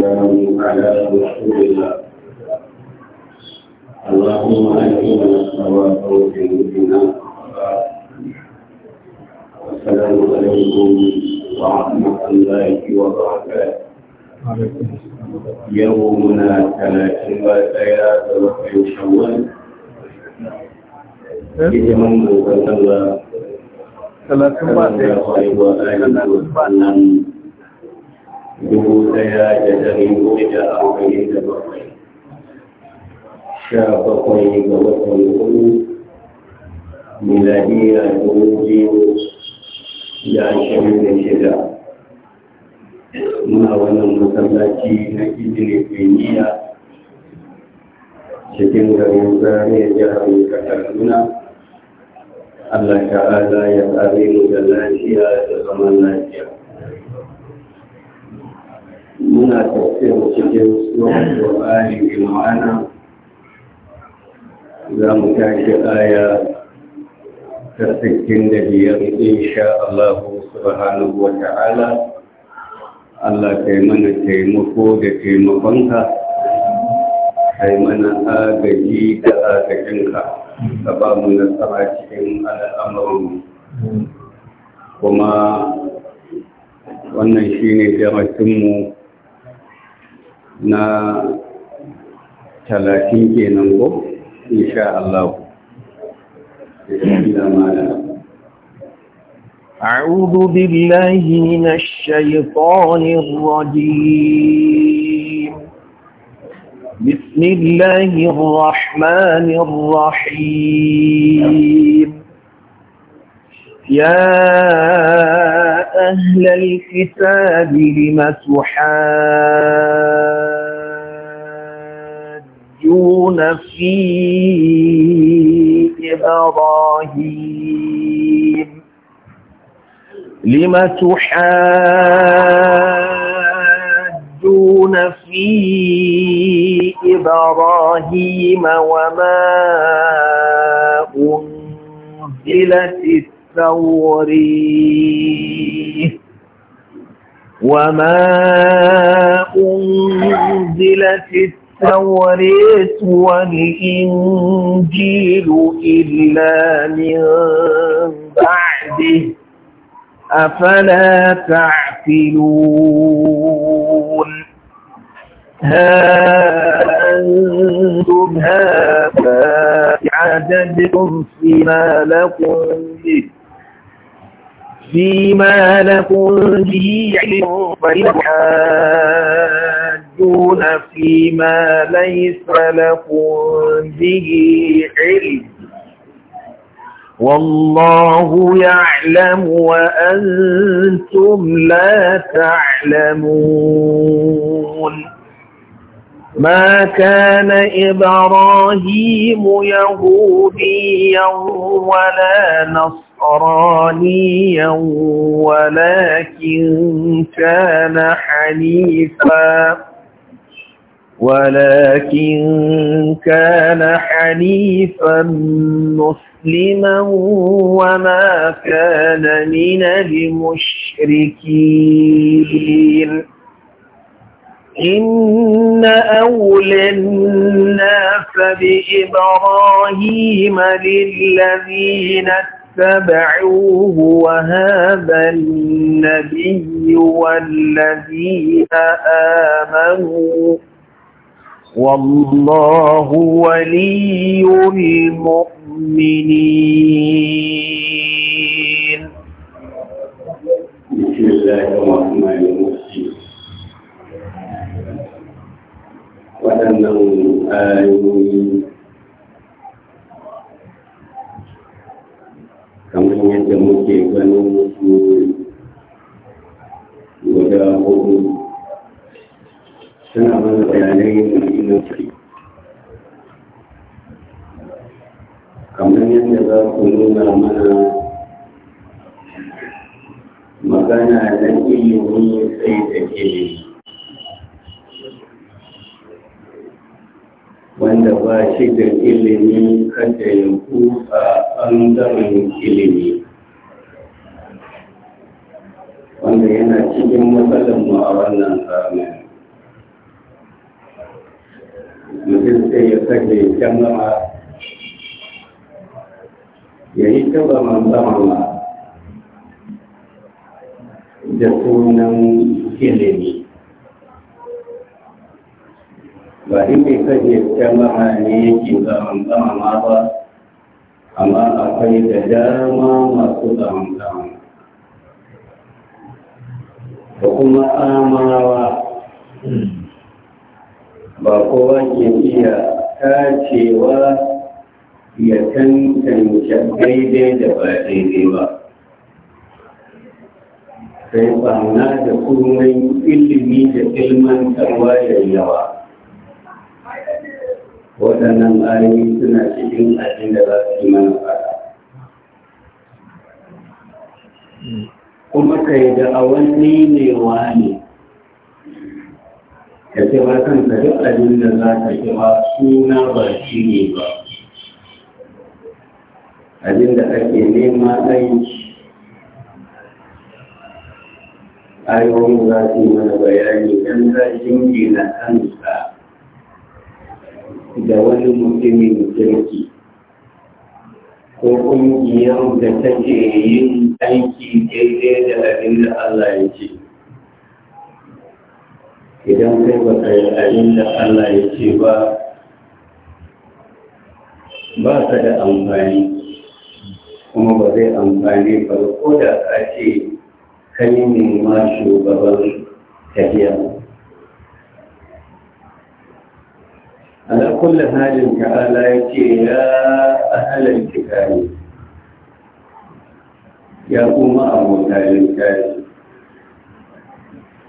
والسلام على رسول الله اللهم أجعلنا الصواب في وجودنا السلام عليكم ورحمة الله وبركاته يومنا ثلاثين وثلاثة وخير شوال hidiman manzon Allah sallallahu alaihi wa alihi wa sallam dubu ɗaya da dari hudu da arba'in da bakwai sha bakwai ga watan hudu miladiya dubu biyu da ashirin da shida muna wannan masallaci na izini kweniya cikin garin zariya jihar kaduna Allah ta'ala ya tsare mu da lafiya da zaman lafiya. muna tafiyar cikin tsohon ƙwa'ari ma'ana. za mu tashi aya ta sittin da biyar insha Allah subhanahu wa ta'ala Allah kai mana taimako da taimakonka kai mana agaji da agajinka ka ba mu nasara cikin al'amuranmu kuma wannan shi shine mu. na talatin kenan ko insha Allah أعوذ بالله من الشيطان الرجيم بسم الله الرحمن الرحيم يا أهل الكتاب لم تحاجون في إبراهيم لم تحاجون في إبراهيم وما أنزلت الثوري وما أنزلت التوريت والإنجيل إلا من بعده أفلا تعقلون ها أنتم هذا عددتم فيما لكم به فيما لكم به علم فيحاجون فيما ليس لكم به علم والله يعلم وأنتم لا تعلمون ما كان إبراهيم يهوديا ولا نصر نصرانيا ولكن كان حنيفا ولكن كان حنيفا مسلما وما كان من المشركين إن أولى الناس بإبراهيم للذين اتبعوه وهذا النبي والذين آمنوا والله ولي المؤمنين بسم الله الرحمن الرحيم وأنه آيوين irin yadda muke ganin su guda hudu suna mana bayanai da ilimci kamar yadda za ku nuna mana magana na ilimi sai da ilimi wanda ba shi da ilimi kada ya kuka ɓangaren ilimi wanda yana cikin matsalar mu a wannan zamani mutum sai ya sake jama'a ya yi taba manzamama da sunan ilimi ba inda kaje jama'a ne yake tsaman-tsama ba amma akwai da dama masu tsaman-tsama da kuma amawa ba kowa ke iya tacewa ya tantance daidai da ba daidai ba sai ba na da kurmin ilimi da ilmantarwa yawa waɗannan ayoyi suna cikin abin da za su yi mana fara kuma ka yi da a wani ne ka ce ba kanka duk abin da za ka ce ba suna ba shi ne ba abin da ake nema aiki ayoyin za su yi mana bayani ɗan za jingina kan da wani mutumin kirki ko ƙungiyar da take yin aiki daidai da abin da Allah ya ce idan kai ba ka yi abin da Allah ya ce ba ba ka da amfani kuma ba zai amfani ba ko da ka ce kai ne ma shugaban tafiya ala kulli halin ta'ala yake ya ahlal kitabi ya kuma abota littafi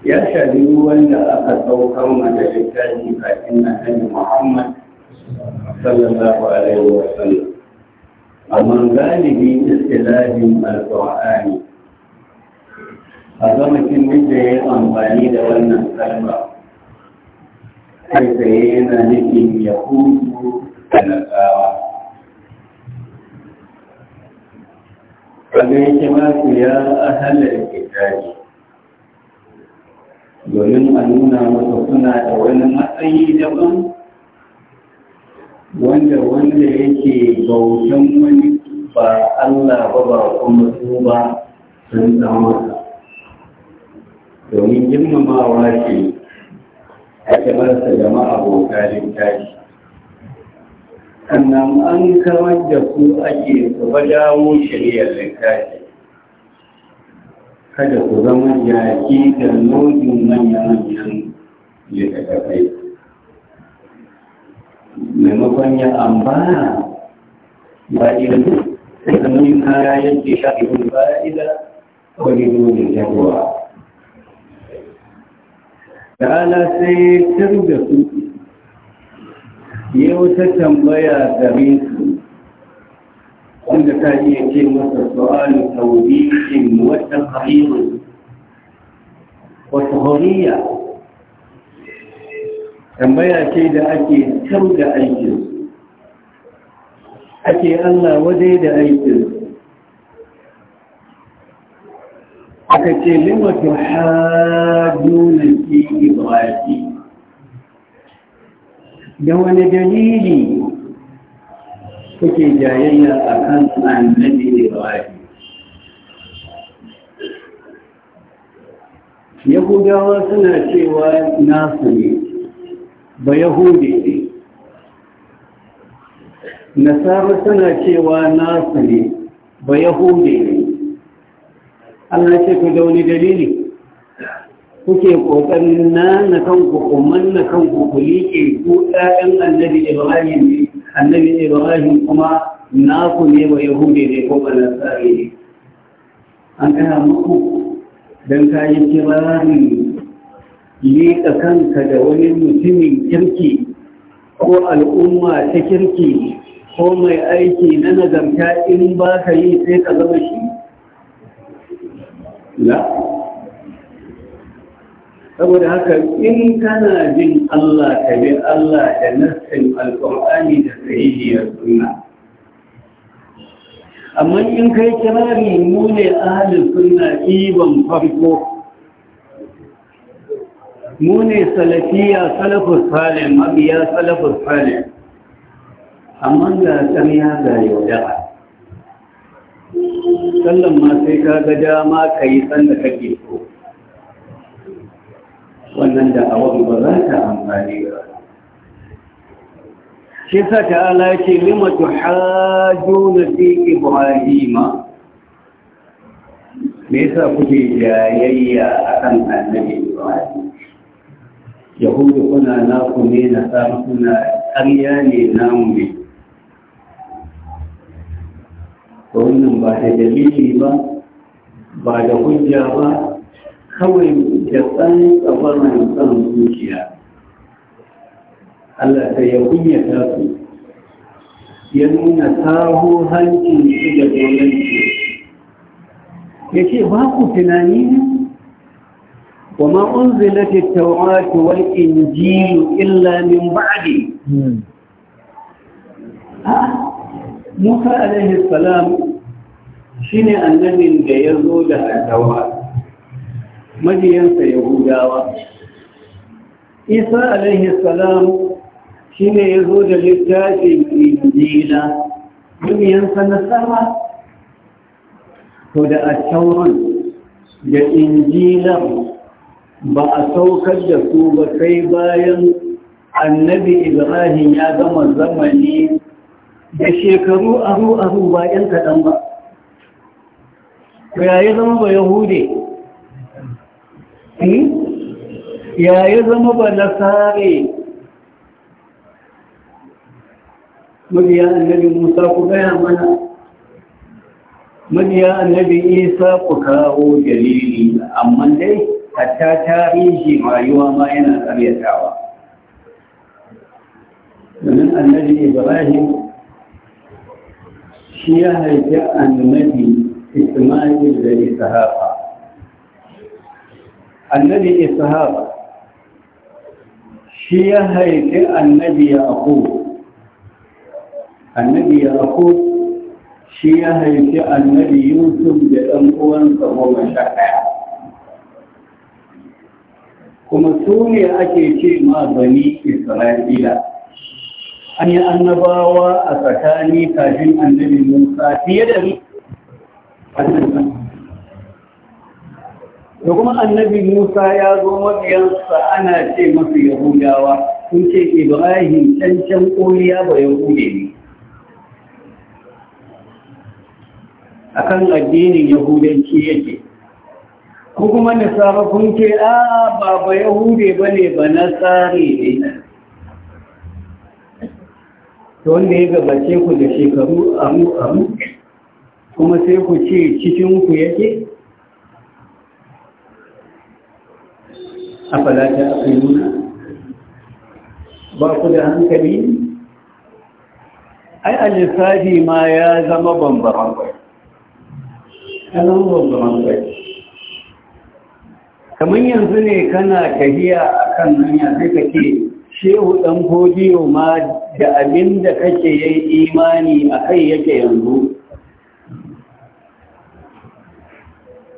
ya shaɗi wanda aka saukar mana littafi kafin na hannun muhammad sallallahu alaihi wa sallam amma galibi istilahin alƙur'ani a zama kin da ya amfani da wannan kalma kai yana nufin ya hutu talakawa wanda yake masu ya ahalar kitabi domin a nuna masa suna da wani matsayi daban wanda wanda yake bautan wani ba Allah ba ba kuma su ba sun zama domin girmamawa ce ake marasa jama'a bokarin tashi sannan an kawar da ku ake ku dawo shari'ar littafi kada ku zama yaki da lodin manya-manyan littattafai maimakon ya ambara ba irin sannan kaya yake shafi ba ida wani dole jagowa ta'ala sai tar da su ya wata tambaya gare su wanda ta iya ce masa su'alu tawbihin wata hariru wata horiya tambaya ce da ake tar da aikinsu ake Allah wadai da aikinsu aka ce lima tuhaduna fi ibrahim da wani dalili kuke jayayya a kan annabi ibrahim yahudawa suna cewa nasu ne ba yahudi ne nasara suna cewa nasu ne ba yahudi Allah ce ku da wani dalili kuke kokarin na na kanku kumman na kanku ku liƙe ku ɗayan annabi Ibrahim ne annabi Ibrahim kuma naku ne wa Yahudi ne ko tsari ne an kana muku dan kayi kirarin liƙa kanka da wani mutumin kirki ko al'umma ta kirki ko mai aiki na nazarta in ba ka yi sai ka zama shi la saboda haka in kana jin Allah ka bi Allah da nassin alƙur'ani da sahihiyar sunna amma in kai kirari mu ne ahalin sunna iban farko mu ne salafiya salafus salih mabiya salafus salih amma ga ƙarya ga yaudara sallan ma sai ka ga dama ka yi sanda kake so wannan da a wani ba za ta amfani ba shi sa ala ce lima na fi ibrahima me yasa kuke jayayya akan annabi ibrahim yahudu kuna naku ne na samu kuna ƙarya ne namu ne wannan ba da dalili ba ba da hujja ba kawai da tsan tsabarin san zuciya Allah ta ya ta su ya nuna taho hancin su da domin ya ce ba ku tunani ne وما أنزلت wani والإنجيل illa min بعدي musa alaihi salam shine annabin da ya zo da addawa majiyansa yahudawa isa alaihi salam shine ya zo da littafin injila majiyansa nasara to da attauran da injilan ba a saukar da su ba sai bayan annabi ibrahim ya gama zamani da shekaru aru aru ba yan kaɗan ba ya yi zama ba yahude hmm? ya yi zama ba nasare mabiya annabi musa ku gaya mana mabiya annabi isa ku kawo dalili amma dai hatta tarihi rayuwa ma yana karyatawa domin annabi ibrahim shi ya haifi annabi Ismail da Ishaqa annabi Ishaqa shi ya haifi annabi Yaqub annabi Yaqub shi ya haifi annabi Yusuf da ɗan uwansa goma sha ɗaya kuma su ne ake ce ma bani Isra'ila an yi annabawa a tsakani kafin annabi musa fiye da da kuma annabi musa ya zo mabiyansa ana ce masu yahudawa sun ce ibrahim cancan ƙoliya ba yahude ne kan addinin yahudanci yake ko kuma nasara kun ce a ba ba yahude ba ne ba nasare ne ta wanda ya gabace ku da shekaru aru aru kuma sai ku ce cikinku yake a falata a nuna ba ku da hankali ai a lissafi ma ya zama bambaran kwai kanan bambaran kwai kamar yanzu ne kana tafiya a kan hanya sai ka ce shehu ɗan fodiyo ma da abin da kake yi imani a kai yake yanzu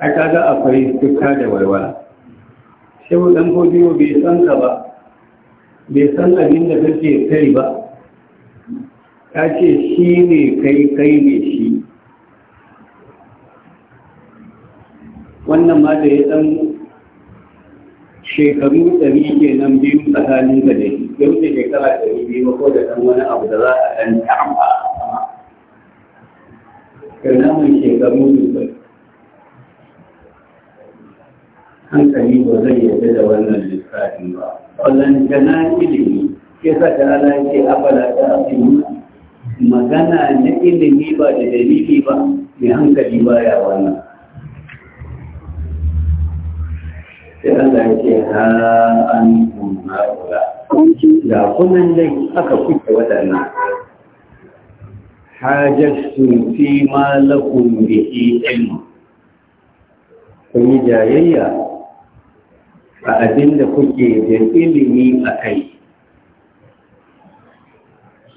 a kaga akwai tuka da warwara shehu ɗan fodiyo bai san ka ba bai san abin da kake kai ba ta ce shi ne kai kai ne shi wannan ma da ya ɗan shekaru ɗari ke nan biyu tsakanin da ne yau wuce shekara ɗari biyu ko da ɗan wani abu da za a ɗan ta'amfa a sama. shekaru dubai. Hankali ba zai yarda da wannan lissafin ba. Wannan gana ilimi, ke sa ta ala ke afala ta asimu magana na ilimi ba da dalili ba, mai hankali baya wannan. sai Allah ya ce ha an kuma kula da kunan dai aka kuke waɗannan hajjatun fi ma lakum bihi ilm yi jayayya a abin da kuke da ilimi a kai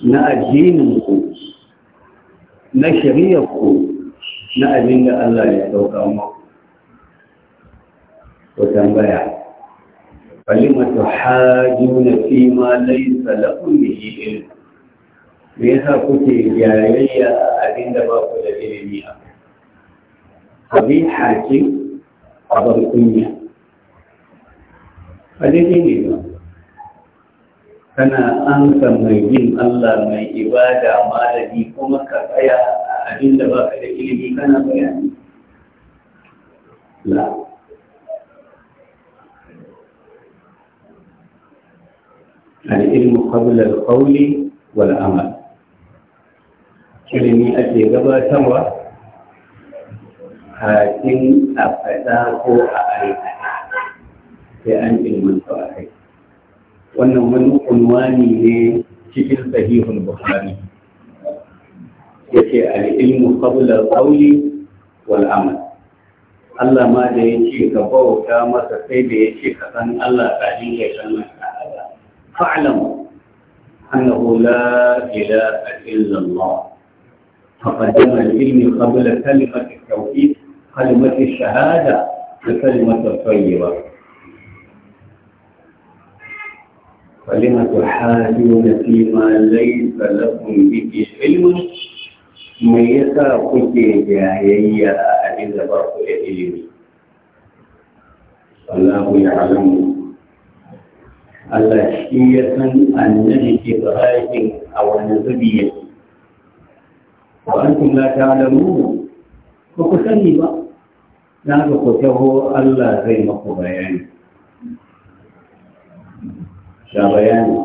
na addinin na shari'arku, na abin da Allah ya sauka maku. ko tambaya falima tuhajuna fi ma laysa lakum bihi ilm me yasa kuke jayayya abin da ba ku da ilimi a abin hakim abar kunya a daidai ne ba kana an mai bin Allah mai ibada malami kuma ka tsaya a abin da ba ka da ilimi kana bayani la al'ilmu qabla al-qawli amal ilimi ake gabatarwa kafin a faɗa ko a aikata sai an ilmanta a kai wannan wani unwani ne cikin sahihul bukhari yake al'ilmu qabla qawli wal amal Allah ma da ya ce ka bauta masa sai da ya ce ka san Allah kafin ya san فاعلموا أنه لا إله إلا الله فقدم العلم قبل كلمة التوحيد كلمة الشهادة بكلمه الطيبة فلم تحاجون فيما ليس لكم به علم من yasa kuke jayayya a abin da الله يعلم Allah shi ya san annabi Ibrahim a wani zubi yake. Wa an kun la ta'lamu ba ku sani ba. Na ga ku taho Allah zai maku bayani. Ga bayani.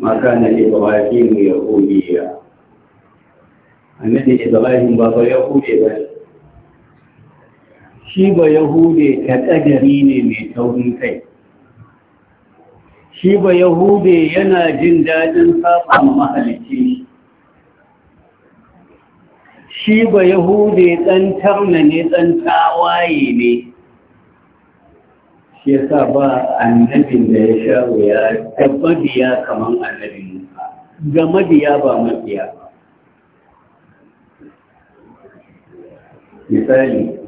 Maka na Ibrahim ya hudiya. Annabi Ibrahim ba ba ya hude ba Shi ba Yahude ta ƙadari ne mai taurin kai. shi ba yahude yana jin daɗin saba mahalicci shi ba yahude ɗan tarna ne ɗan tawaye ne shi yasa ba annabin da ya sha wuya tabbadiya kamar annabin ga madiya ba mabiya misali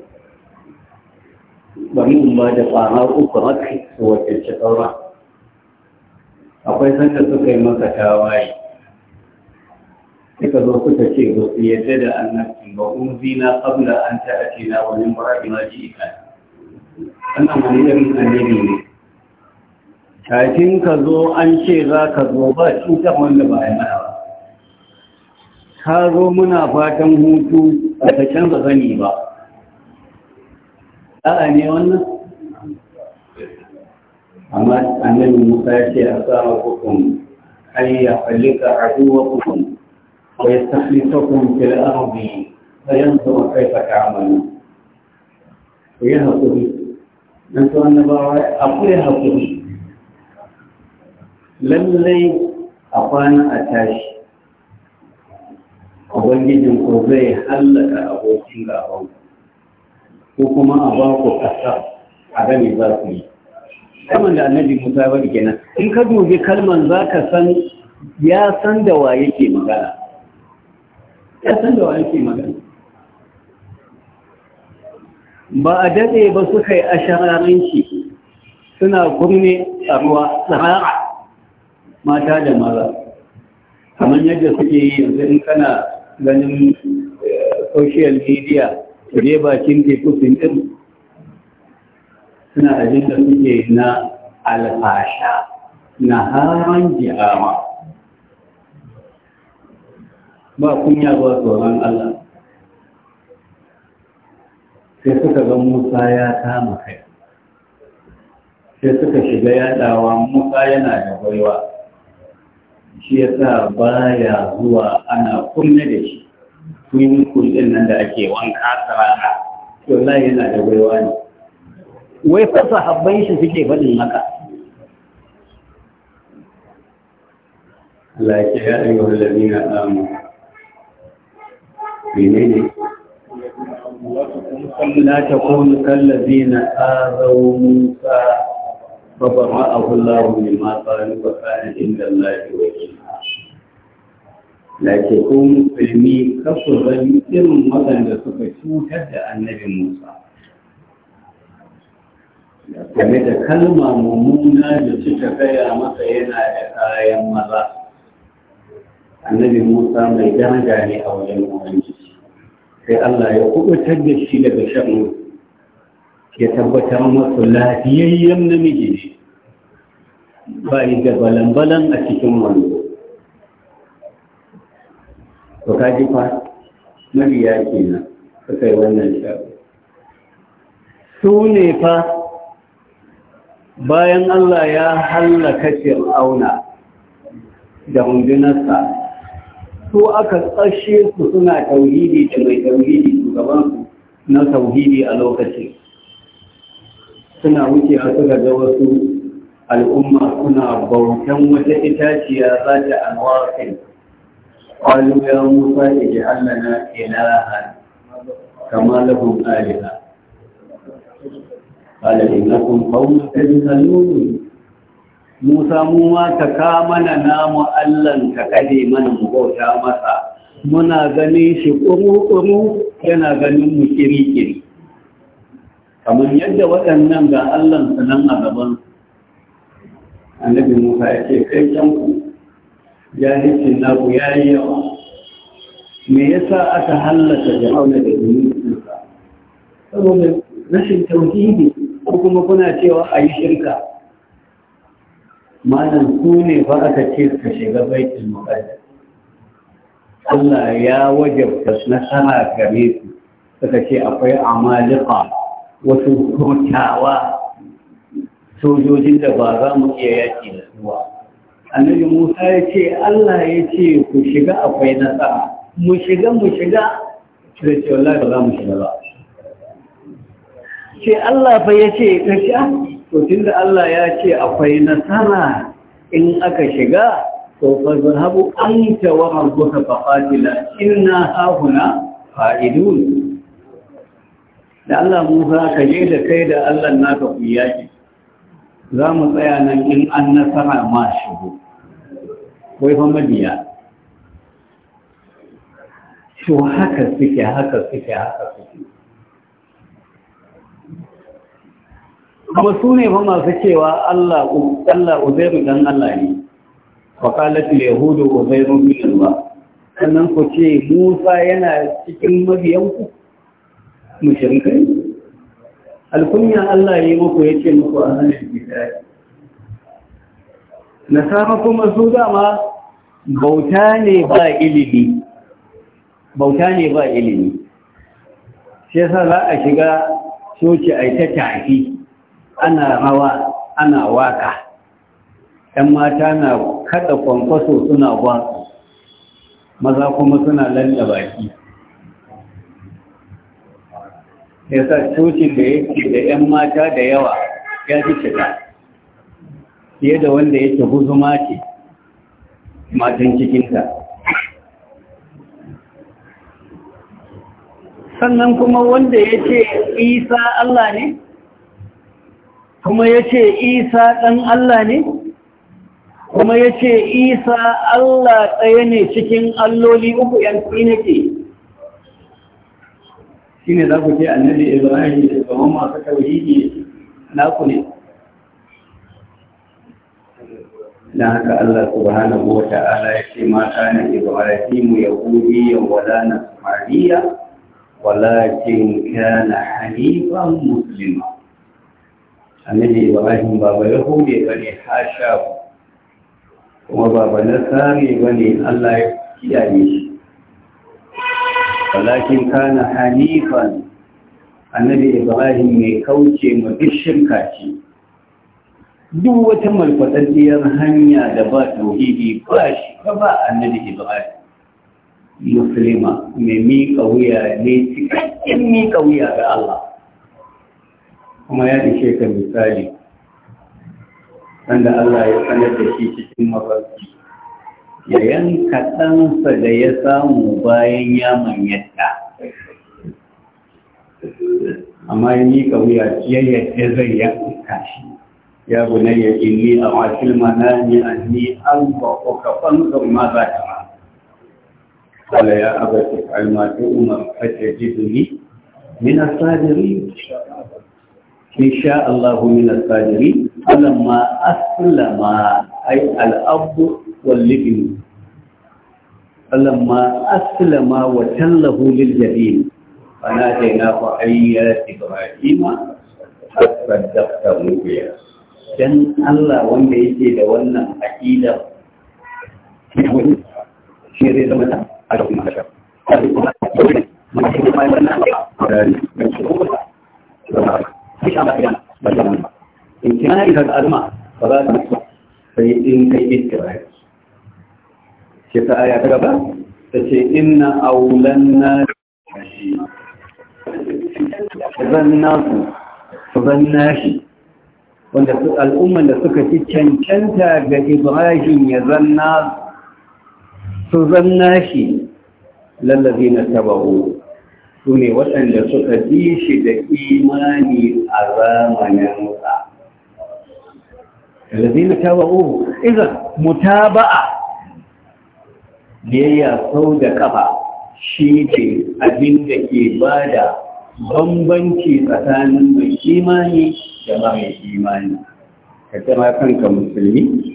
bari in ba da kwana uku haka wacce ci akwai sanda suka yi masa tawaye suka zo suka ce ba su yadda da annabcin ba na, qabla an ta'atina wa min ba'di ji ji'ika wannan wani irin annabi ne kafin ka zo an ce za ka zo ba cutar wanda ba ya yana ba ka zo muna fatan hutu ba ta canza zani ba a'a ne wannan أما أن المفاجئ أثاركم أن يحلق عدوكم ويستخلفكم في الأرض فينظر كيف تعملون ويهرب بي أنت أن أقول يهرب بي لم لي أقانا أتاش أبنجي قوزي حلك أبو سيلا أبو وكما أباكو أثار عدم ذاتي kaman da annabi musa bari kenan in ka dubi kalman za ka san ya san da wa yake magana ya san da wa yake magana ba a daɗe ba suka yi ashararinci suna gurne a ruwa tsara mata da maza kamar yadda suke yi yanzu in kana ganin eh, social media dai ba bakin teku sun suna abin da suke na alfasha na haran jihama ba kunya ba tsoron Allah sai suka ga Musa ya kama kai sai suka shiga yaɗawa Musa yana da baiwa shi ya sa baya zuwa ana kunne da shi kun yi nan da ake wanka tsara wallahi yana da baiwa ne ويتصحبين في كيف المكان لا يا أيها الذين آمنوا بمن لا تكون كالذين آذوا موسى فبرأه الله مما قالوا وكان عند الله وجهنا لا تكون في المي كفر المتر مثلا لسكتوا تبدأ النبي موسى game da kalma mummuna da suka gaya masa yana da kayan maza annabi musa mai daraja ne a wajen ubangiji sai allah ya kubutar da shi daga shanu ya tabbatar masu lafiyayyen namiji ne ba yi da balan-balan a cikin wando to kaji fa mabiya kenan suka yi wannan shago su ne fa bayan Allah ya hallaka fir'auna da hundunarsa su aka tsashe su suna tauhidi da mai tauhidi shugabansu na tauhidi a lokacin suna wuce a suka ga wasu al'umma suna bautan wata itaciya za ta anwaƙin ƙwalo ya musa ke allana ilaha kama lahun aliha fauna ta قوم تجهلون Musa mu ma ta kama na namu allan ka kade mana mu masa muna ganin shi ƙuru-ƙuru yana ganin mu kiri-kiri kamar yadda waɗannan ga allan su nan a gaban annabi Musa ya ce kai can ku jahilcin ya yi yawa me yasa aka hallaka jama'a da zunubi saboda rashin tauhidi ko kuma kuna cewa a yi shirka malam ku ne ba aka ce ka shiga baitul muqaddas Allah ya wajabta nasara gare ku suka ce akwai amalika wasu hutawa sojojin da ba za mu iya yaki da su ba annabi Musa ya ce Allah ya ce ku shiga akwai nasara mu shiga mu shiga da ce wallahi ba za mu shiga ba ce Allah fa ya ce ka sha to tunda Allah ya ce akwai nasara in aka shiga to fa zahabu anta wa rabbuka fa qatila inna hauna fa'idun da Allah Musa ka je da kai da Allah naka ku yaki za mu tsaya nan in an nasara ma shigo wai fa mabiya to haka suke haka suke haka suke kuma su ne fa masu cewa Allah Uzairu dan Allah ne wa qalat al yahudu Uzairu bin ba, sannan ku ce Musa yana cikin mabiyanku mushrikai alkunya Allah ya muku a muku ahlul Na sama kuma su dama bauta ne ba ilimi bauta ne ba ilimi shi yasa za a shiga soci a ta tafi ana rawa ana waka ‘yan mata na kada kwankwaso suna gwa maza kuma suna lalla baki Ya sa cocin da yake da ‘yan mata da yawa ya fi cika fiye da wanda yake huzuma mace matan cikinta sannan kuma wanda ya ce isa Allah ne kuma ya ce isa ɗan Allah ne kuma ya ce isa Allah ɗaya ne cikin alloli uku ‘yan tsinake shi ne za ku ce annabi ibrahim da gaban masu tauhidi ku ne na haka Allah subhanahu wa ta'ala ya ce mata na ibrahimu yahudiyyan wala na samariya kira kana hanifan musulman annabi ibrahim baba ya hore ba ne hasha kuma baba na tsari ba ne allah ya kiyaye shi walakin kana hanifan annabi ibrahim mai kauce ma duk shirka duk wata malfaɗaɗɗiyar hanya da ba tauhidi ba shi ka ba annabi ibrahim musulma mai miƙa wuya ne cikakken miƙa wuya ga allah kuma ya ishe ka misali wanda Allah ya sanar da shi cikin mafarki ya yanka ɗansa da ya samu bayan ya manyanta amma ya miƙa wuya ya yadda zai ya shi ya bunayya inni a ni a ni an ba ko kafan ma za ta قال يا أبت افعل ما تؤمر فتجدني من الصابرين in sha Allahu min as-sajiri alamma aslama ay al-abdu wal-libn alamma aslama wa tallahu lil-jabin ana jaina fa ayya ibrahima saddaqta mubiya dan Allah wanda yake da wannan aqida shi ne da mata a cikin haka Thank you. مش عم بحكي عنها بس اذا إن الناس da suka fi cancanta ga ibrahim ya zanna su zanna shi lallazi na tabaru su ne waɗanda suka bi shi da imani a zamaninsa. Lalazi na taba uhu, iza mutaba'a biyayya sau da ƙafa shi ne abin da ke ba da bambanci tsakanin mai imani da mai imani. Ka kira kanka musulmi,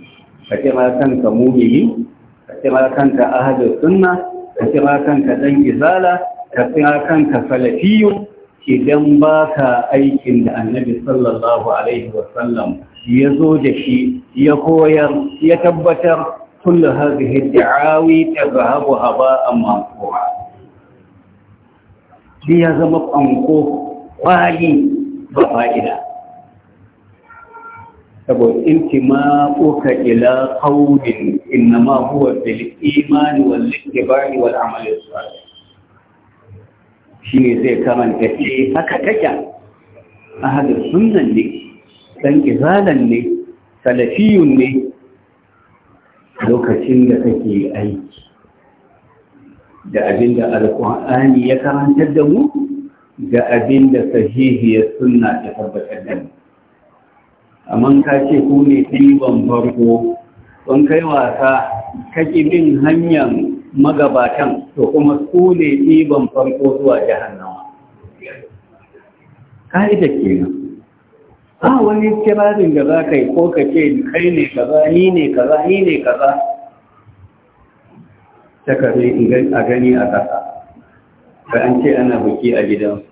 ka kira kanka mumini, ka kira kanka ahadar sunna, ka kira kanka ɗan izala, ka tsaya kanka salafiyu idan ba ka aikin da annabi sallallahu alaihi wasallam ya zo da shi ya koyar ya tabbatar kullu hadhihi da'awi tazhabu haba'an mansura shi ya zama ƙwanko kwali ba fa'ida saboda intima uka ila qaumin inma huwa bil imani wal ittiba'i wal amali salih shi ne zai karanta ce haka take a hadar sunan ne ɗan izalan ne salafiyun ne lokacin da kake aiki da abin da alƙur'ani ya karanta da mu da abin da sahihiyar suna ta tabbatar da mu amma ka ce ku ne ɗiban farko don kai wasa kake bin hanyar magabatan to kuma su ne ɗiban farko zuwa jahannawa ka'ida kenan a wani kirarin da za ka yi ko ka ce kai ne kaza ni ne kaza ni ne kaza ta kare a gani a ƙasa ba an ce ana buki a gidan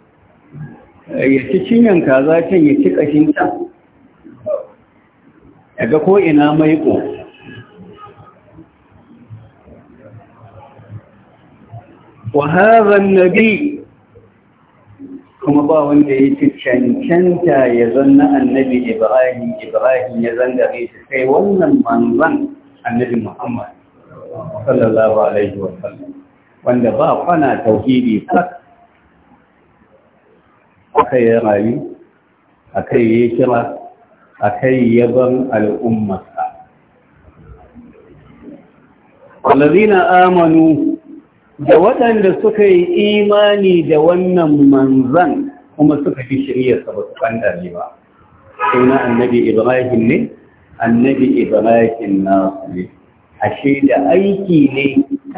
eh, ya ci cinyan kaza can ya ci ƙashin can daga ko ina maiƙo wa hadha nabi kuma ba wanda ya ci cancanta ya zanna annabi ibrahim ibrahim ya zanga gare shi sai wannan manzan annabi muhammad sallallahu alaihi wa sallam wanda ba kwana tauhidi sak akai ya rayu akai ya kira akai yaban al'ummarsa والذين Amanu. da waɗanda suka yi imani da wannan manzan kuma suka fi shiryarsa ba su kwandare ba suna annabi ibrahim ne annabi ibrahim na ne ashe da aiki ne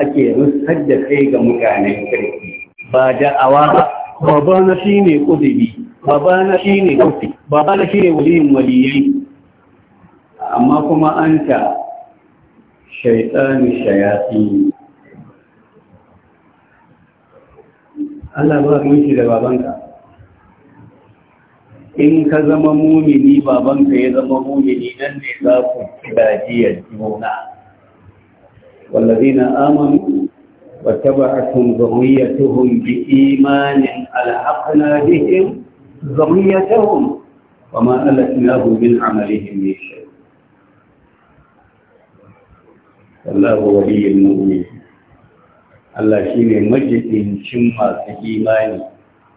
ake rusar da kai ga mutanen kirki ba da awa ba babana shi ne ƙudubi babana shi ne ƙufi babana shi ne wuliyin waliyai amma kuma an ta shaitanu shayafi Allah ba ka mishi da babanka. In ka zama mumini babanka ya zama mumini nan ne za ku fi dajiyar jimona. Wallazi na amonu, ba ta ba a tun zamuniya ta hun bi imanin al'akana jihin zamuniya ta hun ba ma Allah suna hujin amalihin ne shi. Allah ba wa biyan mumini. Allah shi ne majiɗincin masu imani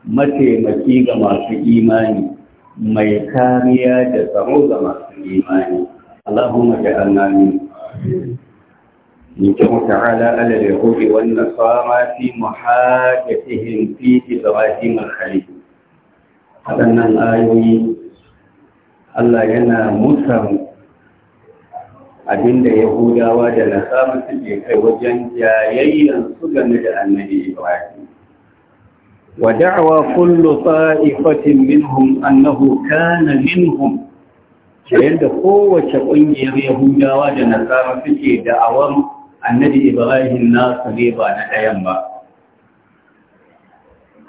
mataimaki ga masu imani mai kariya da tsaro ga masu imani Allahumma ja'alna min نجم تعالى على اليهود fi في fi في إبراهيم الخليل Haɗannan ayoyi. Allah yana musan abinda yahudawa da nasara suke kai wajen jayayyan su game da annabi ibrahim wa da'wa kullu ta'ifatin minhum annahu kana minhum da kowace ƙungiyar yahudawa da nasara suke da'awar annabi ibrahim na ne ba na ɗayan ba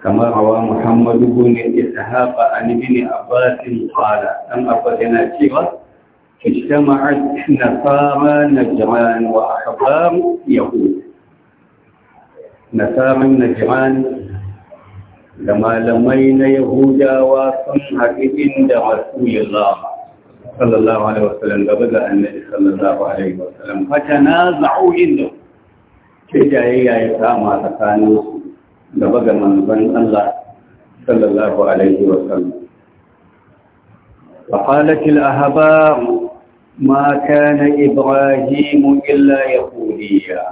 kamar hawa muhammadu ne ishaqa an ibn abbas qala dan abbas yana cewa اجتمعت نصارى نجران وأحبار يهود نصارى نجران da malamai na Yahudawa sun haɗi inda Rasulullah sallallahu alaihi wasallam gaba ga annabi sallallahu alaihi wasallam fata na za'u inda ce jayayya ya kama tsakanin su gaba ga manzon Allah sallallahu alaihi ahbar ما كان إبراهيم إلا يهوديا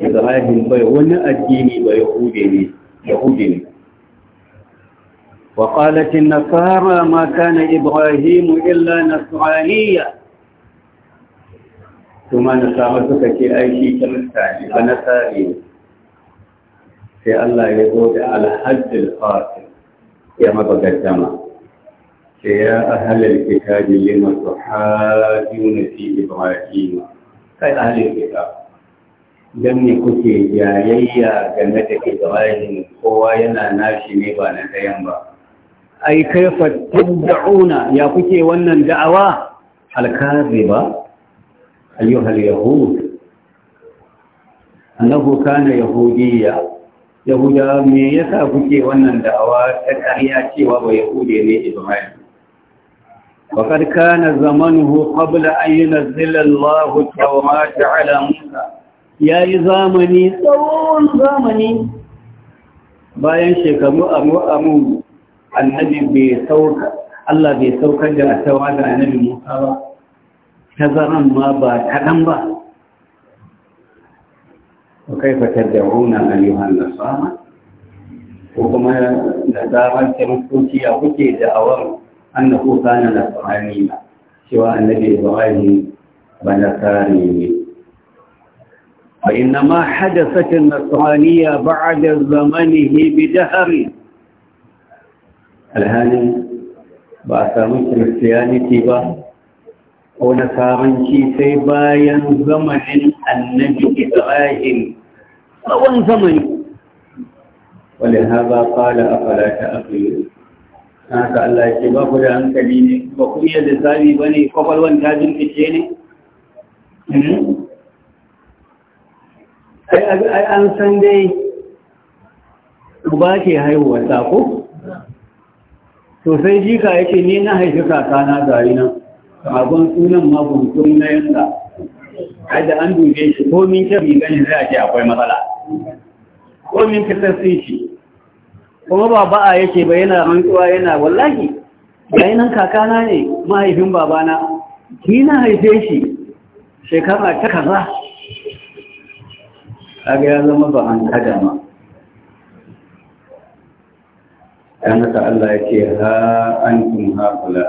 إبراهيم بيون الدين بيهودي يهودي وقالت النصارى ما كان إبراهيم إلا نصرانيا ثم نصارى سكتي أي شيء كمساني فنصاري في الله يقول على حد القاتل يا مبقى الجمال يا أهل الكتاب لم تحاجون في إبراهيم كان أهل الكتاب لم يكن جايية جنة إبراهيم هو ينا ناشي ميبانا تيمبا أي كيف تدعون يا كتي ونن دعوة الكاذبة أيها اليهود أنه كان يهوديا يهودا من يسا كتي ونن دعوة تكرياتي وهو يهودي من إبراهيم وقد كان زمنه قبل أن ينزل الله التوراة على موسى يا زمني طول زمني bayan shekaru amu annabi bai sauka Allah bai saukar da tawa da annabi Musa ba tazaran ma ba kaɗan ba wa kaifa tad'una ayyuhan nasara ko kuma da zaman taimakoki a kuke da awar annahu kana nasraniya cewa annabi ibrahim ba nasrani ne fa inna ma hadathat an-nasraniya ba'da zamanihi bi dahri alhani ba samu christianity ba ko nasaranci sai bayan zamanin annabi ibrahim tsawon zamani ولهذا قال أفلا تأخذ haka Allah ce ba ku da hankali ne ba ku iya lissafi ba ne kwakwalwan ta jirkice ne hmm? ai an san dai ba ke haihuwar sako sosai jika ya ce ni na haifi kakana gari nan abin sunan mabuntun na yanka ai da an dube shi komin kyau riga ne zai ake akwai matsala komin kasar sai shi kuma ba ba'a yake ba yana rantsuwa yana wallahi bai nan kakana ne mahaifin babana ni na haife shi shekara ta kaza kaga ya zama ba an kada ma dan Allah yake ha haƙula.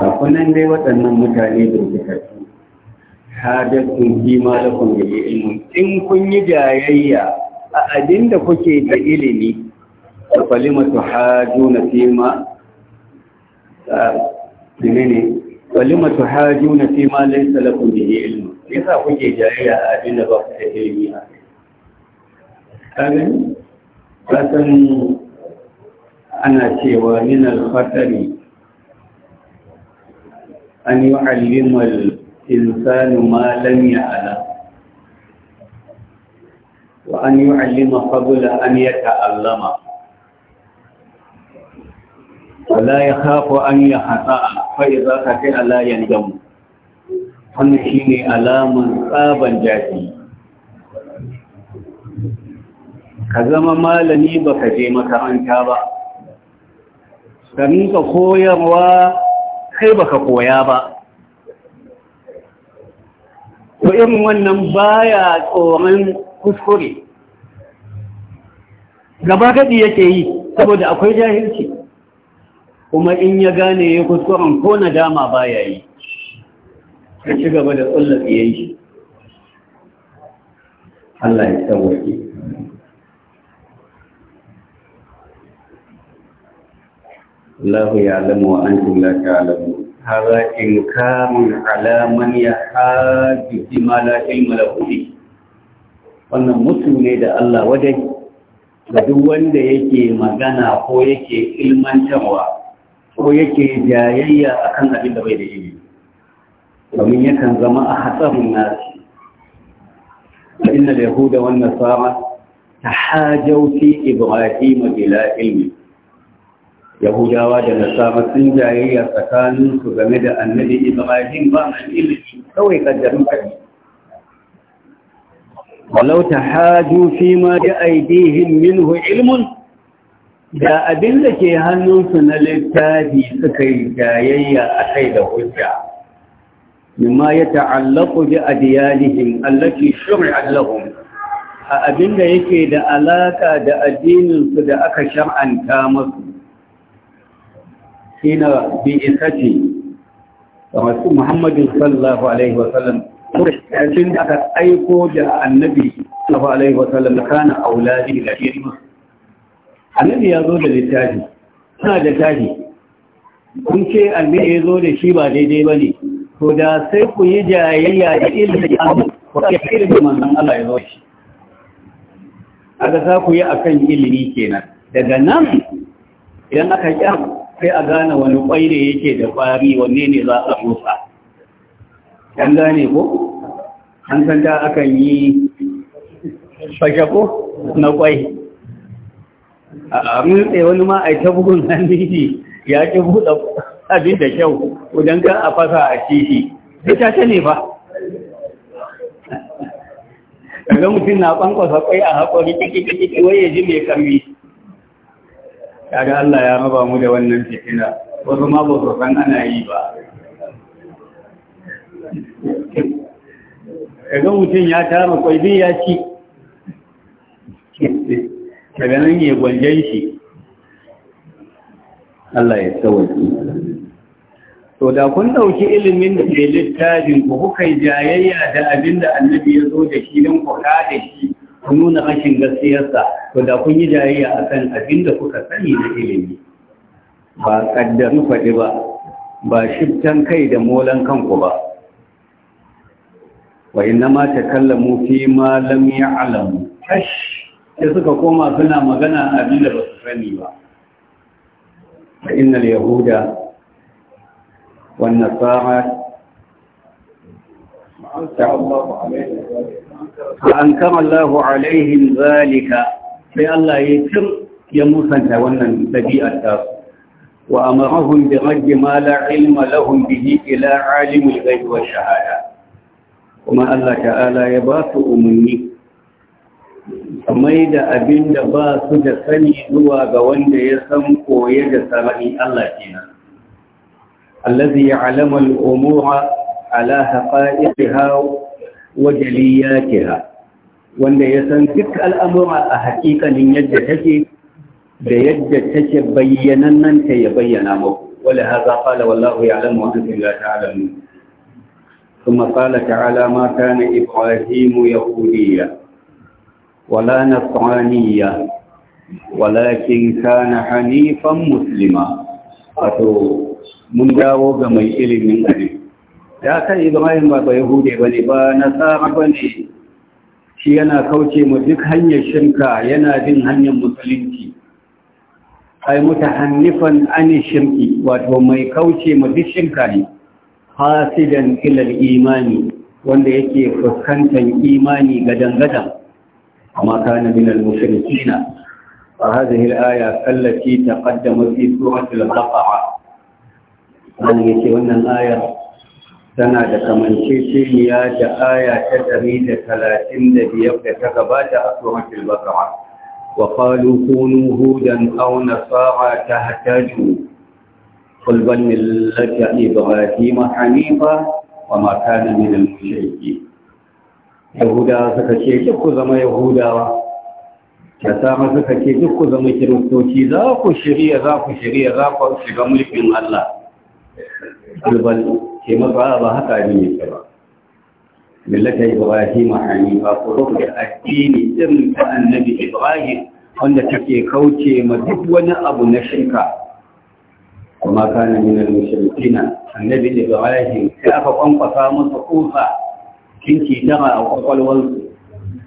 ba kunan dai waɗannan mutane da suka ci kun fi ma kun yi ilmi in kun yi jayayya a da kuke da ilimi da kalimatu hajuna fi ma menene kalimatu haju na fima lai salakun da ilimi nisa kuke jayayya a da ba ku da ilimi a kagan kasan ana cewa min alfatari khatari an wa al-insanu ma lamya ala وأن يعلم قبل أن يتألم ولا يخاف أن يخطأ فإذا خطأ لا يندم هم على من صابا جاتي كذما ما لنيب فجيمة عن كابا ka koyarwa و خيبك koya با وإن ونن بايا baya kuskure gaba gadi yake yi saboda akwai jahilci kuma in ya gane ya kuskuren ko nadama baya yi ka ci gaba da tsallar yi Allah ya tsawaki Allah ya alamu wa an jula ta alamu هذا إنكار على من يحاج بما لا علم له wannan mutu ne da Allah wadai da duk wanda yake magana ko yake ilmantarwa ko yake jayayya akan abin da bai da ilimi domin yakan zama a hatsarin nasi inna da yahuda wannan sama ta hajauti ibrahim bila ilmi yahudawa da nasama sun jayayya tsakaninsu game da annabi ibrahim ba mai ilimi kawai kaddarin kaddarin walau ta haju fi ma da aidihin minhu ilmun da abin ke hannunsu na littafi suka yi jayayya a da hujja mimma ya ta'allaku bi adiyanihim allati shur'at lahum a abin da yake da alaka da addininsu da aka shar'anta musu shine bi Muhammadin alaihi ƙarshen da aka aiko da annabi sallallahu alaihi wasallam da kana auladi da shi annabi ya zo da littafi suna da tafi kun ce annabi ya zo da shi ba daidai ba ne to da sai ku yi jayayya da ilimin annabi ku da ilimin manzon Allah ya zo shi aka sa ku yi akan ilimi kenan daga nan idan aka kyan sai a gane wani kwai ne yake da kwari wanne ne za a rusa an gane ko an san da akan yi fashako na kwai a mutse wani ma a ta bugun hannun ya ci buɗa abin da kyau wajen ka a fasa a kishi ita ta ne ba ga mutum na kwankwasa kwai a haƙori ƙiƙiƙiƙi waye ji mai Ya kaga Allah ya raba mu da wannan fitina wasu ma ba su san ana yi ba ga mutum ya tara kwaibe ya ci daga nan ya gwanjen shi Allah ya tsawaki to da kun ɗauki ilimin da ke littafin ku kuka yi jayayya da abin da annabi ya zo da shi don ku da shi ku nuna rashin gaskiyarsa to da kun yi jayayya akan abin da kuka sani na ilimi ba ƙaddarin faɗi ba ba shiftan kai da molan kanku ba wa innama takallamu fi ma lam ya'lamu ash sai suka koma suna magana abin da ba su sani ba fa innal yahuda wan nasara فأنكر Allahu عليهم ذلك sai Allah ya cin ya musanta wannan ɗabi'ar ta wa amarahum bi rajji ma la ilma lahum bihi ila alimul ghaibi wa shahada kuma Allah ta'ala ya ba su umarni mai da abin da ba su da sani zuwa ga wanda ya san koye da sarari Allah kenan allazi ya'lamu al-umura ala haqa'iqiha wa jaliyatiha wanda ya san duk al'amura a haƙiƙanin yadda take da yadda take bayyanannanta ya bayyana muku wala hadha qala wallahu ya'lamu wa antum ثم قال تعالى ما كان إبراهيم يهوديا ولا نصرانيا ولكن كان حنيفا مسلما wato mun dawo ga mai ilimin gari da kan ibrahim ba ba yahude ba ne ba nasara ba ne shi yana kauce mu duk hanyar shirka yana bin hanyar musulunci ai muta hannifan ani wato mai kauce mu duk shirka ne hasidan ilal imani wanda yake fuskantar imani gadan-gadan amma kana min al-mushrikina fa hadhihi al-aya allati taqaddama fi surati al-baqara wannan yake wannan aya tana da kamance kamanceceniya da aya ta ɗari da talatin da biyar da ta gabata a suratul baqara wa qalu kunu hudan aw nasara tahtaju قل بل ملة إبراهيم حنيفا وما كان من المشركين yahudawa suka ce duk ku zama yahudawa da sama suka ce duk ku zama kiristoci za ku shirya za ku shirya za ku shiga mulkin Allah albal ke masa ba haka ne ne ba ibrahim hanifa da addini din ta annabi ibrahim wanda take kauce ma duk wani abu na shirka kuma kana min al-mushrikina annabi ibrahim sai aka kwankwasa masa kofa kinki tana a kwakwalwarsu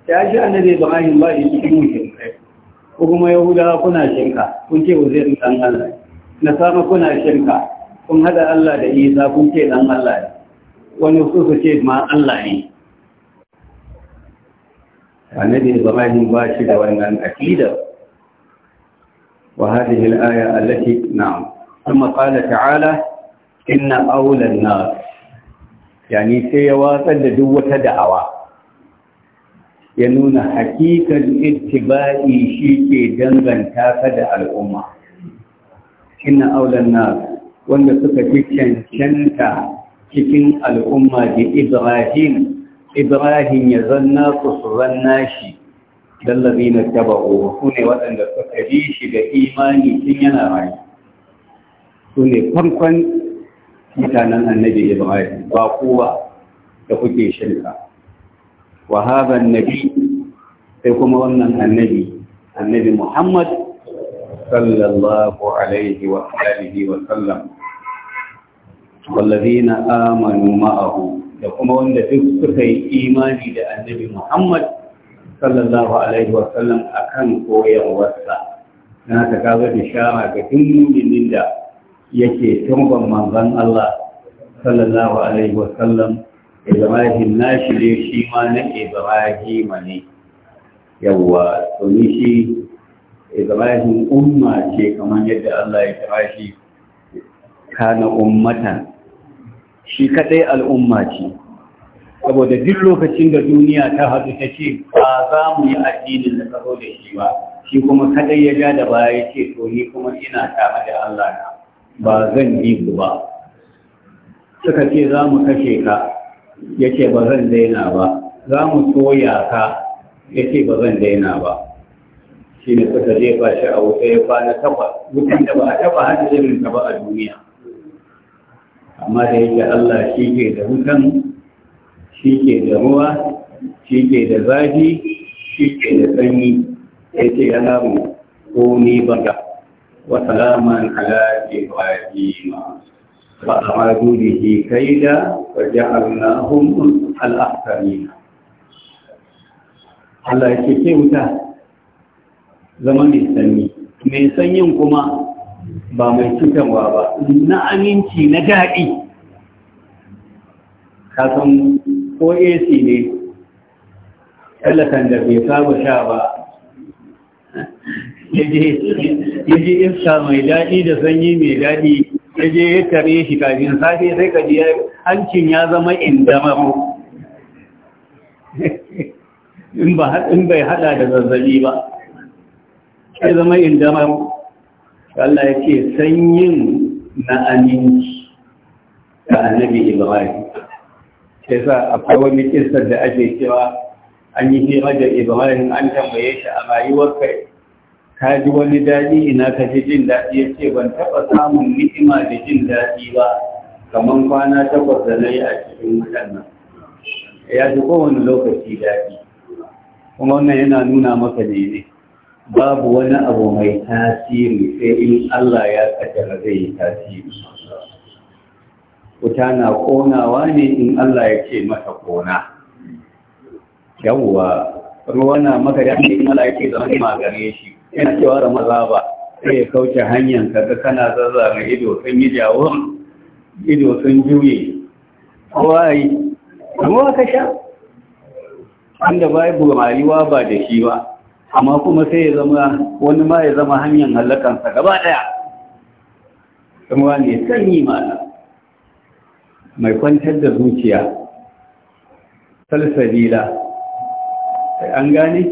ya ji annabi ibrahim ba shi cikin kai. ko kuma yahudawa kuna shirka kun ce wa zai dan Allah Na sama kuna shirka kun hada Allah da Isa kun ce dan Allah ne wani su su ce ma Allah ne annabi ibrahim ba shi da wannan aqida wa hadhihi al-aya allati na'am ثم قال تعالى إن أولى الناس يعني سيواصل لدوة دعوة ينون حقيقة اتباعي شيك جنبا تافد الأمة إن أولى الناس وأن suka شنكا cikin al'umma da Ibrahim, Ibrahim ya zanna ku su zanna shi, dallazi na su ne waɗanda suka shi da imani tun yana rayu. su ne farkon mutanen annabi ibrahim ba kowa da kuke shirka wa haɗa nabi sai kuma wannan annabi annabi muhammad sallallahu alaihi wa alihi wa sallam na amanu ma'ahu da kuma wanda duk suka yi imani da annabi Muhammad sallallahu alaihi wa sallam wasallam akan koyarwarsa na ta kaga bishara ga duk muminin da yake tumban manzan Allah sallallahu alaihi wa sallam Ibrahim nashi ne shi ma na Ibrahim ne yawa to ni shi Ibrahim umma ce kamar yadda Allah ya kira shi kana ummata. shi kadai al'umma ce saboda duk lokacin da duniya ta hadu ta ce ba za mu yi addinin da kaso da shi ba shi kuma kadai ya ja da baya ya ce to ni kuma ina tare da Allah na ba zan yi ku ba suka ce za mu kashe ka ya ce ba zan daina ba za mu soya ka ya ce ba zan daina ba shi ne suka jefa shi a wuta ya kwana takwas wutan da ba a taba haɗa irin ta ba a duniya amma da yake Allah shi ke da wutan shi ke da ruwa shi ke da zafi shi ke da sanyi ya ce ya namu ko ni ba وسلاما على إبراهيم فأرادوا به كيدا وجعلناهم الأحسنين Allah ya ce wuta zama mai sanyi mai sanyin kuma ba mai cutarwa ba na aminci na daɗi kasan ko AC ne tallakan da bai saba sha ba ya je iska mai daɗi da sanyi mai daɗi ya je ya tare shi kafin safe sai ka ji hancin ya zama indamaro in bai hada da zazzabi ba ya zama indamaro Allah ya ce sanyin na aminci da annabi ibrahim sai sa akwai wani kisar da ake cewa an yi hira da ibrahim an tambaye shi a rayuwar kai ka ji wani daɗi ina ka ji jin daɗi ya ce ban taɓa samun ni'ima da jin daɗi ba kamar kwana takwas da na yi a cikin waɗannan ya ji kowane lokaci daɗi kuma wannan yana nuna maka ne ne babu wani abu mai tasiri sai in Allah ya kaddara zai yi tasiri wuta na konawa ne in Allah ya ce masa kona yawwa ruwa na maka da in Allah ya ce zama magare shi yana cewa da maza ba sai ya kauce hanyar kaga kana zazzaga ido sun yi jawo ido sun juye kowa yi amma ka sha wanda yi rayuwa ba da shi ba amma kuma sai ya zama wani ma ya zama hanyar hallakansa gaba daya kuma ne sanyi mana mai kwantar da zuciya salsabila sai an gane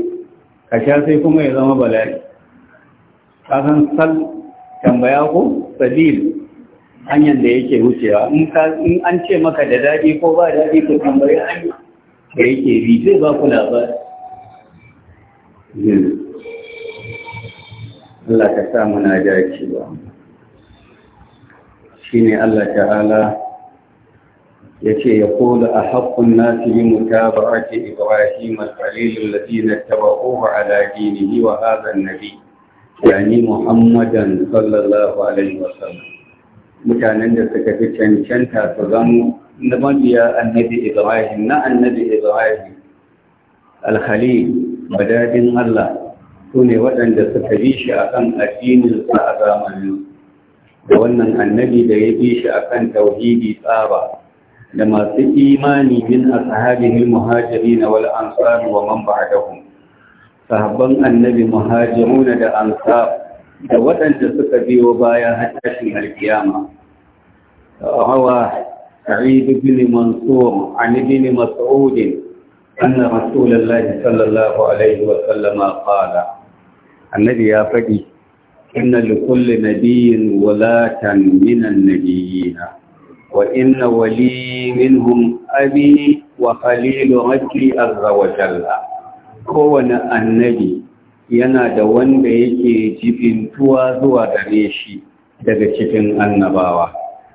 ka sha sai kuma ya zama bala'i kasan sal tambaya ko sabil hanyar da yake wucewa in an ce maka da daɗi ko ba daɗi ko tambaya hanyar da yake bi zai ba ku labari Allah ka sa muna dacewa shi ne Allah ta'ala ya ce ya kola a haƙƙun nasu yi muta ba ake ibrahim al-khalil lalzina taba'uwa ala dinihi wa hazan nabi yani muhammadan sallallahu alaihi wasallam mutanen da suka fi cancanta su zama na mabiya annabi ibrahim na annabi ibrahim alhali badadin allah su ne waɗanda suka bi shi a kan addininsa a zamanin da wannan annabi da ya bi shi a kan tauhidi tsaba da masu imani min ashabihi muhajiri na wal ansar wa man ba'dahum sahabban annabi muhajiruna da ansa da waɗanda suka biyo baya har alkiyama hawa سعيد بن منصور عن ابن مسعود أن رسول الله صلى الله عليه وسلم قال النبي يا فدي إن لكل نبي ولاة من النبيين وإن ولي منهم أبي وخليل ربي عز وجل kowane annabi yana da wanda yake jibintuwa zuwa gare shi daga cikin annabawa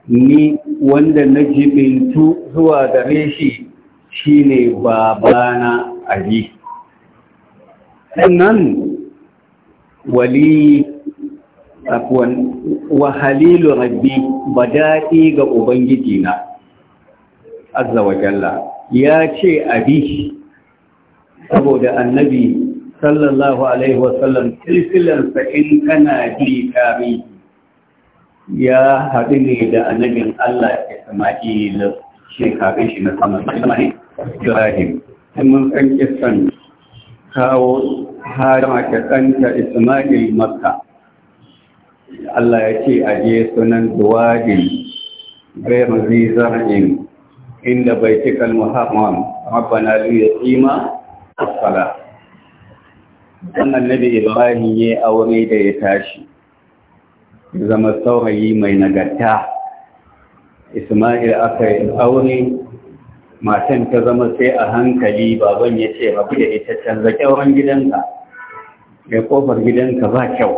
ni wanda na jibintu zuwa gare shi shine babana ali sannan wali wa halilu rabbi daɗi ga ubangiji na azza wa jalla ya ce abi saboda annabi sallallahu alaihi wasallam silsilarsa in kana ji kami ya haɗu ne da annabin Allah Isma'il shekarun shi na sama Isma'il Ibrahim in mun san kisan kawo harama ta Isma'il Makka Allah ya ce a je sunan duwadin gairu zizar'in inda bai cikal muhammad rabbana liya tsima asala dan annabi ibrahim ya aure da ya tashi zama saurayi mai nagarta isma'il aka yi aure matan ta zama sai a hankali baban ya ce rabu da ita canza kyauran gidanka ya kofar gidanka ba kyau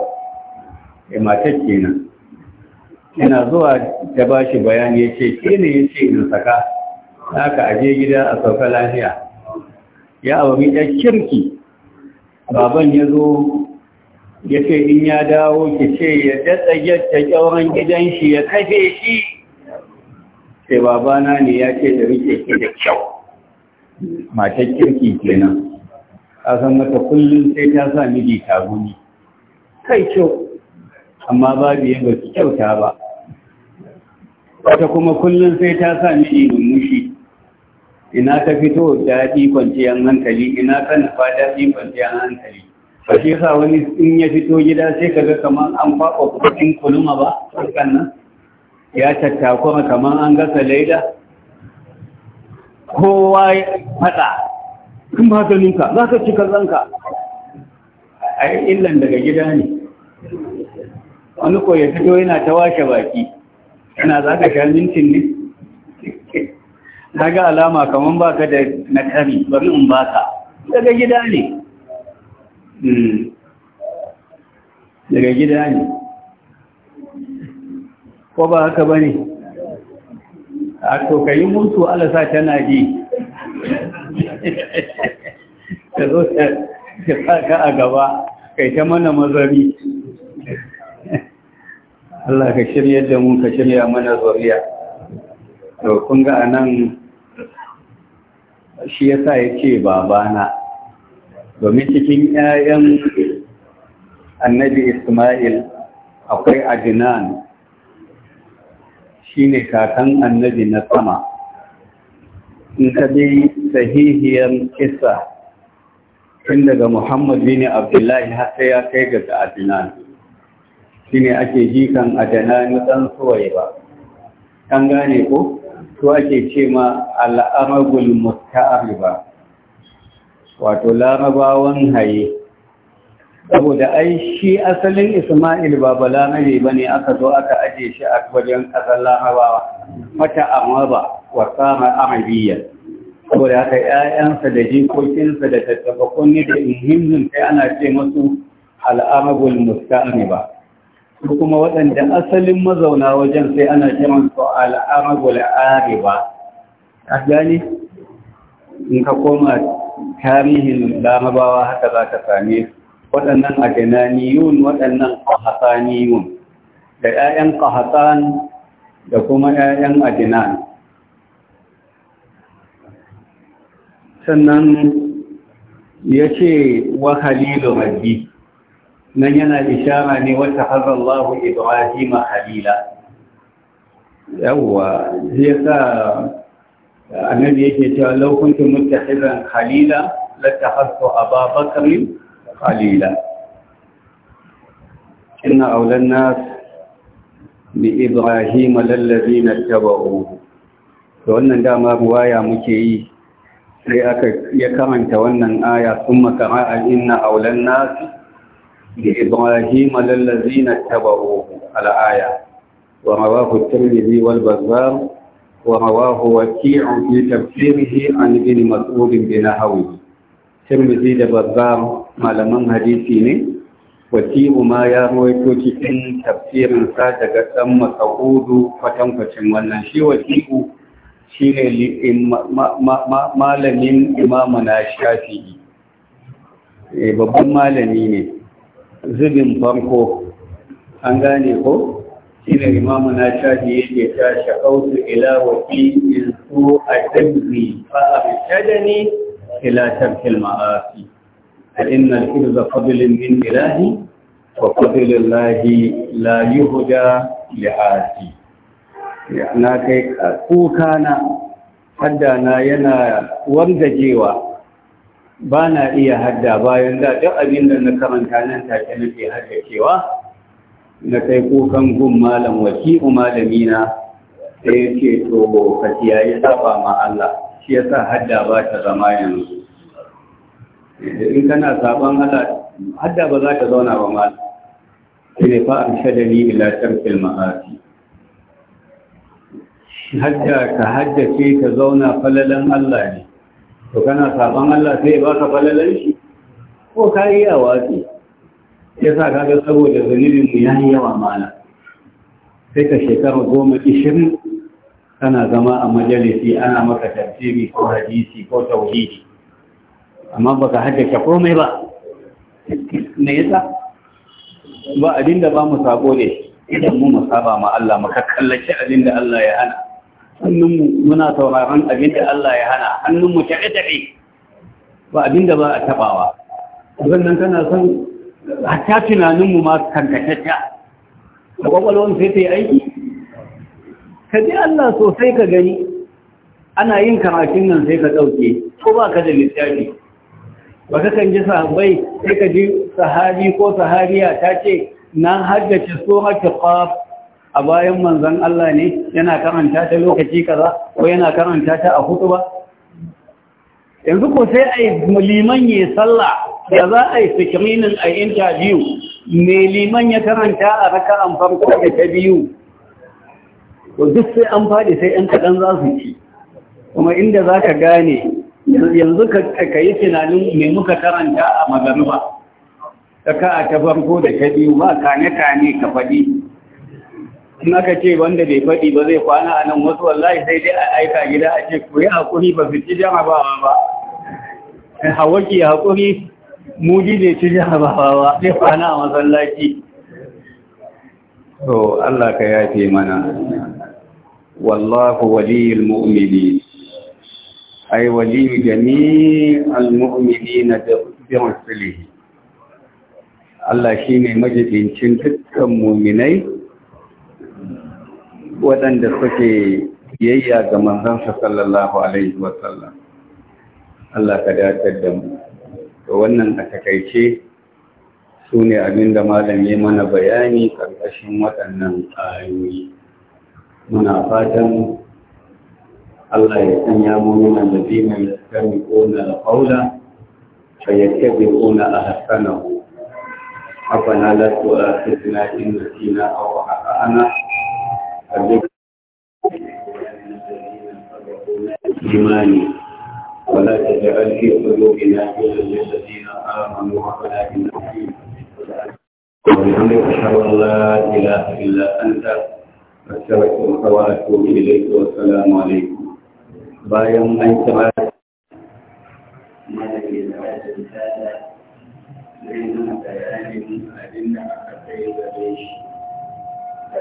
ya matar kenan yana zuwa ta ba shi bayani ya ce ke ya ce in saka haka aje gida a sauka lafiya ya auri ɗan kirki baban ya zo ya ce in ya dawo ki ce ya daɗa yadda ƙyauran gidan shi ya kafe shi sai babana ne ya ce da rike ke da kyau matar kirki nan a san mata kullum sai ta sa miji ta guni kai kyau amma babu yadda su kyauta ba wata kuma kullum sai ta sa miji ina ta fito daɗi kwanciyar hankali ina ta nufa daɗi kwanciyar hankali ba shi yasa wani in ya fito gida sai ka ga kamar an faɓa kudin kuluma ba harkar nan ya tattakura kamar an gasa laida kowa ya faɗa kun maganinka za ka ci kazanka a yi illan daga gida ne wani ko ya fito yana ta washe baki yana za ka sha mintin ne na ga alama kamar ba ka da na kari bari in ba ka daga gida ne hmm. daga gida ne ko ba haka ba ne a tokayi mutu alasa tana ji ta zo ta a gaba kai ta mana mazari Allah ka shirya da mu ka shirya mana zuriya to kun ga anan shi ya sa ya ce babana domin cikin 'ya'yan annabi Ismail akwai Shi ne kakan annabi na sama in ka bi sahihiyar kisa tun daga Muhammad bin Abdullahi har sai ya kai ga shi ne ake jikan Adnan ɗan suwaye ba an gane ko su ake ce ma al'amagul muta'ariba wato larabawan haye saboda ai shi asalin isma'il ba balarabe ba ne aka zo aka aje shi a wajen ƙasar larabawa mata amaba wa tsara arabiyyar saboda haka ‘ya'yansa da jikokinsa da tattabakon kunni da muhimmin sai ana ce masu al'amagul muta'ariba kuma waɗanda asalin mazauna wajen sai ana kiran su al'arabul ariba a gani in ka koma tarihin larabawa haka za ka same waɗannan adananiyun waɗannan ƙahataniyun da 'ya'yan ƙahatan da kuma 'ya'yan adinan sannan ya ce wa halilu rabbi nan yana ishara ne wata harallahu ibrahim halila yawwa zai sa eh, annabi yake cewa law kuntum muttakhizan halila latakhadtu ababakar halila Ina awlan nas bi ibrahim lallazina tabauhu Da wannan dama ruwaya muke yi sai aka ya karanta wannan aya sun makara a inna لإبراهيم للذين اتبعوه آية ورواه الترمذي والبزار ورواه وكيع في تفسيره عن ابن مسعود بنحوه ترمذي لبزار ما لم حديثي وكيع ما يرويته cikin tafsirin sa daga dan Mas'udu kwatankwacin wannan shi waki'u shine malamin imamuna Shafi'i babban malami ne zubin farko an gane ko shine imamu na shafi yake ta shakautu ila in su a dabbi fa abtadani ila tarkil ma'asi fa inna al-irza min ilahi wa fadlun lahi la yuhda ya asi na kai kuka na hadda na yana wargajewa ba na iya hadda bayan da duk abin da na karanta nan take nake cewa na kai kukan gun malam wasi'u malamina sai ya ce to kaciya ya saba ma Allah shi yasa hadda ba ta zama yanzu in kana saban hada hadda ba za ta zauna ba ma sai ne fa ni ila tarfil ma'asi hadda ka ce ta zauna falalan Allah ne to kana saban Allah sai ba ka falalar shi ko ka yi a watsi ya sa saboda zunubin mu ya yawa mana sai ka shekara goma ishirin kana zama a majalisi ana maka tafsiri ko hadisi ko tauhidi amma baka haddace komai ba me yasa ba abinda ba mu sako ne idan mu musaba ma Allah maka abin da Allah ya hana hannunmu muna sauraron abin da Allah ya hana hannunmu taɓe-taɓe ba abin da ba a taɓawa nan kana son hatta tunaninmu ma kankatacca da ƙwaƙwalwar sai ta yi aiki ka ji Allah sosai ka gani ana yin karatun nan sai ka ɗauke ko ba ka da littafi ba ka kan ji sahabbai sai ka ji sahari ko sahariya ta ce na haddace tsohon kifaf a bayan manzan Allah ne yana karanta ta lokaci kaza ko yana karanta ta a hutu ba yanzu ko sai a yi liman ya sallah da za a yi sikirinin a intabiyu mai liman ya karanta a raka an farko da ta biyu ko duk sai an faɗi sai ‘yan kaɗan za su ci kuma inda za ka gane yanzu ka yi tunanin mai muka karanta a magariba ta ka a ta farko da ta biyu ba kane-kane ka faɗi naka ce wanda bai faɗi ba zai kwana a nan wasu wallahi sai dai a aika gida a ce ku yi haƙuri ba su ci abawa ba eh, hawaki haƙuri muji bai ci abawa ba zai kwana a masallaci to Allah ka yafe mana wallahu waliyul mu'mini ay waliyu jami'al mu'minina bi rusulihi Allah ne majibincin dukkan mu'minai waɗanda suke biyayya ga manzansa sallallahu alaihi wasallam Allah ka dace da mu to wannan a takaice su ne abin da malam ya mana bayani ƙarƙashin waɗannan ayoyi muna fatan Allah ya sanya mu min alladhina yastami'una al-qawla fayattabi'una ahsanahu ربنا لا تؤاخذنا إن a أو ana إيماني ولا تجعل في قلوبنا غلا للذين آمنوا ربنا إنك حميد وبحمدك أشهد أن لا إله إلا أنت أستغفرك وأتوب إليك والسلام عليكم bayan an kira malamin da ya zai nuna bayanin abin da aka kai gare shi